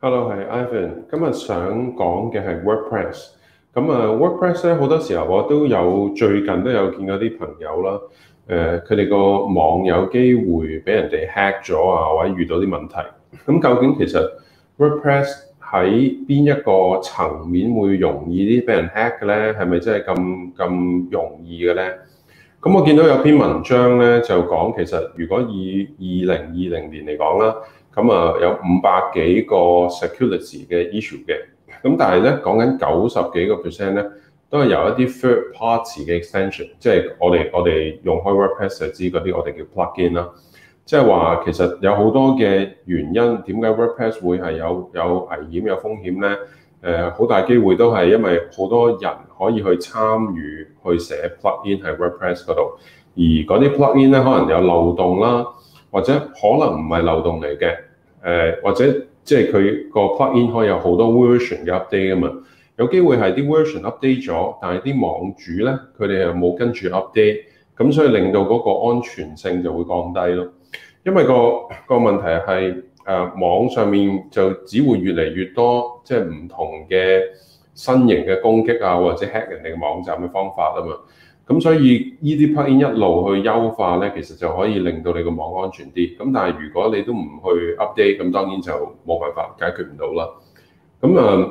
Hello，係 Ivan 今、啊。今日想講嘅係 WordPress。咁啊，WordPress 咧好多時候我都有最近都有見到啲朋友啦。誒、呃，佢哋個網有機會俾人哋 hack 咗啊，或者遇到啲問題。咁究竟其實 WordPress 喺邊一個層面會容易啲俾人 hack 嘅咧？係咪真係咁咁容易嘅咧？咁我見到有篇文章咧就講，其實如果以二零二零年嚟講啦。咁啊、嗯，有五百幾個 security 嘅 issue 嘅，咁、嗯、但係咧講緊九十幾個 percent 咧，都係由一啲 third party 嘅 extension，即係我哋我哋用開 WordPress 就知嗰啲我哋叫 plugin 啦。即係話其實有好多嘅原因，點解 WordPress 會係有有危險有風險咧？誒、呃，好大機會都係因為好多人可以去參與去寫 plugin 喺 WordPress 嗰度，而嗰啲 plugin 咧可能有漏洞啦。或者可能唔係漏洞嚟嘅，誒、呃、或者即係佢個 plug in 可以有好多 version 嘅 update 啊嘛，有機會係啲 version update 咗，但係啲網主咧佢哋又冇跟住 update，咁所以令到嗰個安全性就會降低咯。因為、嗰個、嗰個問題係誒、啊、網上面就只會越嚟越多，即係唔同嘅新型嘅攻擊啊，或者 hack 人哋網站嘅方法啊嘛。咁所以依啲 plug-in 一路去優化咧，其實就可以令到你個網安全啲。咁但係如果你都唔去 update，咁當然就冇辦法解決唔到啦。咁啊，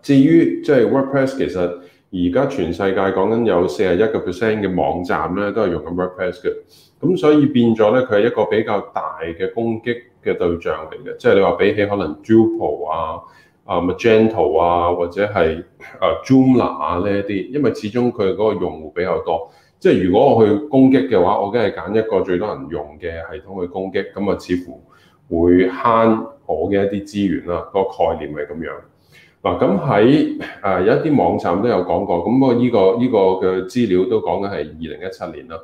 至於即係 WordPress，其實而家全世界講緊有四十一個 percent 嘅網站咧，都係用緊 WordPress 嘅。咁所以變咗咧，佢係一個比較大嘅攻擊嘅對象嚟嘅。即係你話比起可能 Drupal 啊。啊 m g e n t a 啊，或者係啊 Zoomla 呢一啲，因為始終佢嗰個用戶比較多，即係如果我去攻擊嘅話，我梗係揀一個最多人用嘅系統去攻擊，咁啊似乎會慳我嘅一啲資源啦。那個概念係咁樣。嗱，咁喺啊有一啲網站都有講過，咁不呢依個依嘅、這個、資料都講緊係二零一七年啦。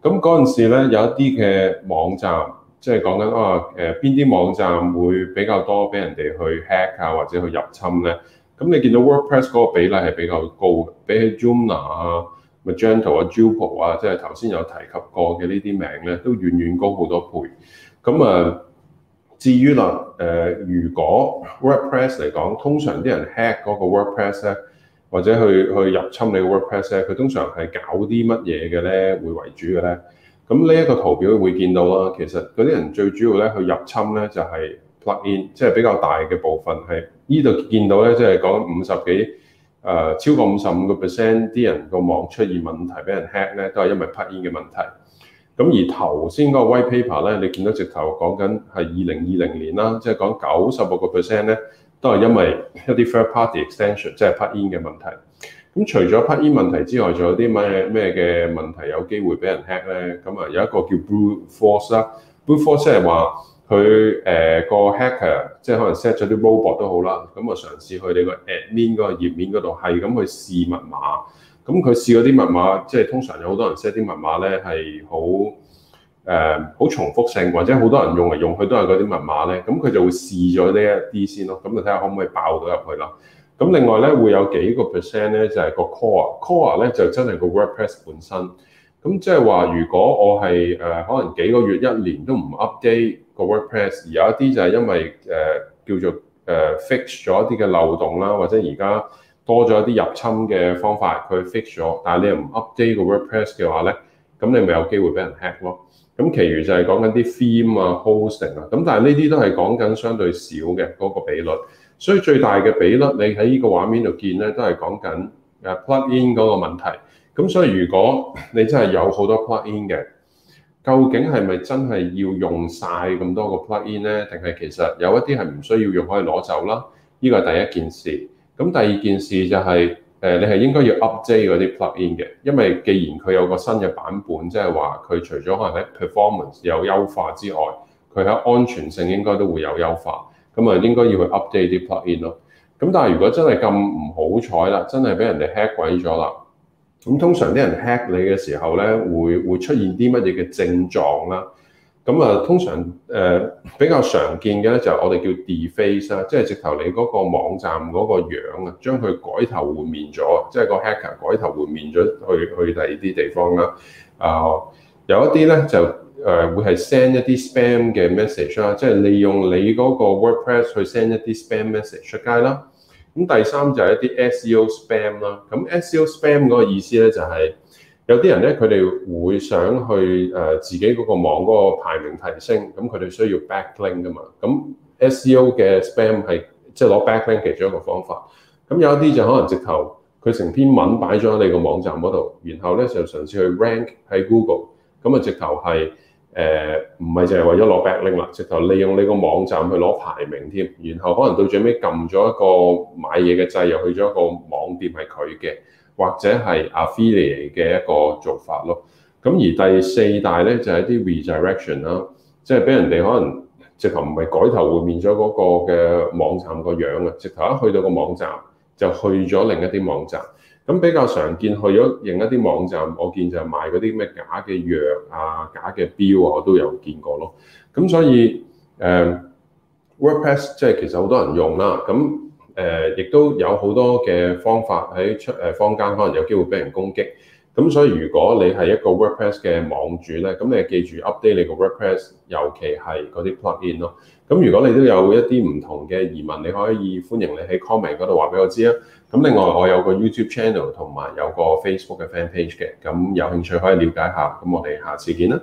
咁嗰陣時咧有一啲嘅網站。即係講緊啊誒邊啲網站會比較多俾人哋去 hack 啊或者去入侵咧？咁你見到 WordPress 嗰個比例係比較高，比起 Joomla 啊、Magento 啊、Drupal 啊，即係頭先有提及過嘅呢啲名咧，都遠遠高好多倍。咁啊，至於啦誒、呃，如果 WordPress 嚟講，通常啲人 hack 嗰個 WordPress 咧，或者去去入侵你嘅 WordPress 咧，佢通常係搞啲乜嘢嘅咧，會為主嘅咧？咁呢一個圖表會見到啦，其實嗰啲人最主要咧，佢入侵咧就係 plug in，即係比較大嘅部分係呢度見到咧，即係講五十幾誒超過五十五個 percent 啲人個網出現問題，俾人 hack 咧都係因為 plug in 嘅問題。咁而頭先嗰個 white paper 咧，你見到直頭講緊係二零二零年啦，即係講九十六個 percent 咧都係因為一啲 third party extension，即係 plug in 嘅問題。咁、嗯、除咗 plugin 問題之外，仲有啲咩咩嘅問題有機會俾人 hack 咧？咁、嗯、啊，有一個叫 Blue Force 啦，Blue Force、呃、acker，即係話佢誒個 hacker，即係可能 set 咗啲 robot 都好啦，咁、嗯、啊嘗試佢哋個 admin 個頁面嗰度，係咁去試密碼。咁、嗯、佢試嗰啲密碼，即係通常有好多人 set 啲密碼咧，係好誒好重複性，或者好多人用嚟用去都係嗰啲密碼咧。咁、嗯、佢就會試咗呢一啲先咯，咁就睇下可唔可以爆到入去啦。咁另外咧會有幾個 percent 咧就係、係、個 core，core 咧 core 就真係個 WordPress 本身。咁即係話，如果我係誒、呃、可能幾個月一年都唔 update 個 WordPress，有一啲就係因為誒、呃、叫做誒、呃、fix 咗一啲嘅漏洞啦，或者而家多咗一啲入侵嘅方法，佢 fix 咗，但係你又唔 update 個 WordPress 嘅話咧，咁你咪有機會俾人 hack 咯。咁，其餘就係講緊啲 theme 啊、hosting 啊，咁但係呢啲都係講緊相對少嘅嗰、嗰個比率。所以最大嘅比率，你喺呢個畫面度見咧，都係講緊誒 plug-in 嗰個問題。咁所以如果你真係有好多 plug-in 嘅，究竟係咪真係要用晒咁多個 plug-in 咧？定係其實有一啲係唔需要用可以攞走啦？呢個係第一件事。咁第二件事就係誒，你係應該要 update 嗰啲 plug-in 嘅，因為既然佢有個新嘅版本，即係話佢除咗可能喺 performance 有優化之外，佢喺安全性應該都會有優化。咁啊，應該要去 update 啲 plugin 咯。咁但係如果真係咁唔好彩啦，真係俾人哋 hack 鬼咗啦。咁通常啲人 hack 你嘅時候咧，會會出現啲乜嘢嘅症狀啦？咁啊，通常誒、呃、比較常見嘅咧，就我哋叫 deface 啦，即係直頭你嗰個網站嗰個樣啊，將佢改頭換面咗，即係個 hacker 改頭換面咗去去第二啲地方啦。啊、呃，有一啲咧就～誒會係 send 一啲 spam 嘅 message 啦，即係利用你嗰個 WordPress 去 send 一啲 spam message 出街啦。咁第三就係一啲 SEO spam 啦。咁 SEO spam 嗰個意思咧就係有啲人咧，佢哋會想去誒自己嗰個網嗰個排名提升，咁佢哋需要 backlink 噶嘛。咁 SEO 嘅 spam 係即係攞 backlink 其中一個方法。咁有一啲就可能直頭佢成篇文擺咗喺你個網站嗰度，然後咧就嘗試去 rank 喺 Google，咁啊直頭係。誒唔係淨係為咗攞 backlink 啦，直頭利用你個網站去攞排名添，然後可能到最尾撳咗一個買嘢嘅掣，又去咗一個網店係佢嘅，或者係 affiliate 嘅一個做法咯。咁而第四大咧就係一啲 redirection 啦，即係俾人哋可能直頭唔係改頭換面咗嗰個嘅網站個樣啊，直頭一去到個網站就去咗另一啲網站。咁比較常見，去咗另一啲網站，我見就賣嗰啲咩假嘅藥啊、假嘅表啊，我都有見過咯。咁所以誒、呃、WordPress 即係其實好多人用啦。咁誒，亦、呃、都有好多嘅方法喺出誒坊間，可能有機會俾人攻擊。咁所以如果你係一個 WordPress 嘅網主咧，咁你記住 update 你個 WordPress，尤其係嗰啲 plugin 咯。咁如果你都有一啲唔同嘅疑問，你可以歡迎你喺 comment 嗰度話俾我知啊。咁另外我有個 YouTube channel 同埋有個 Facebook 嘅 fan page 嘅，咁有興趣可以了解下。咁我哋下次見啦。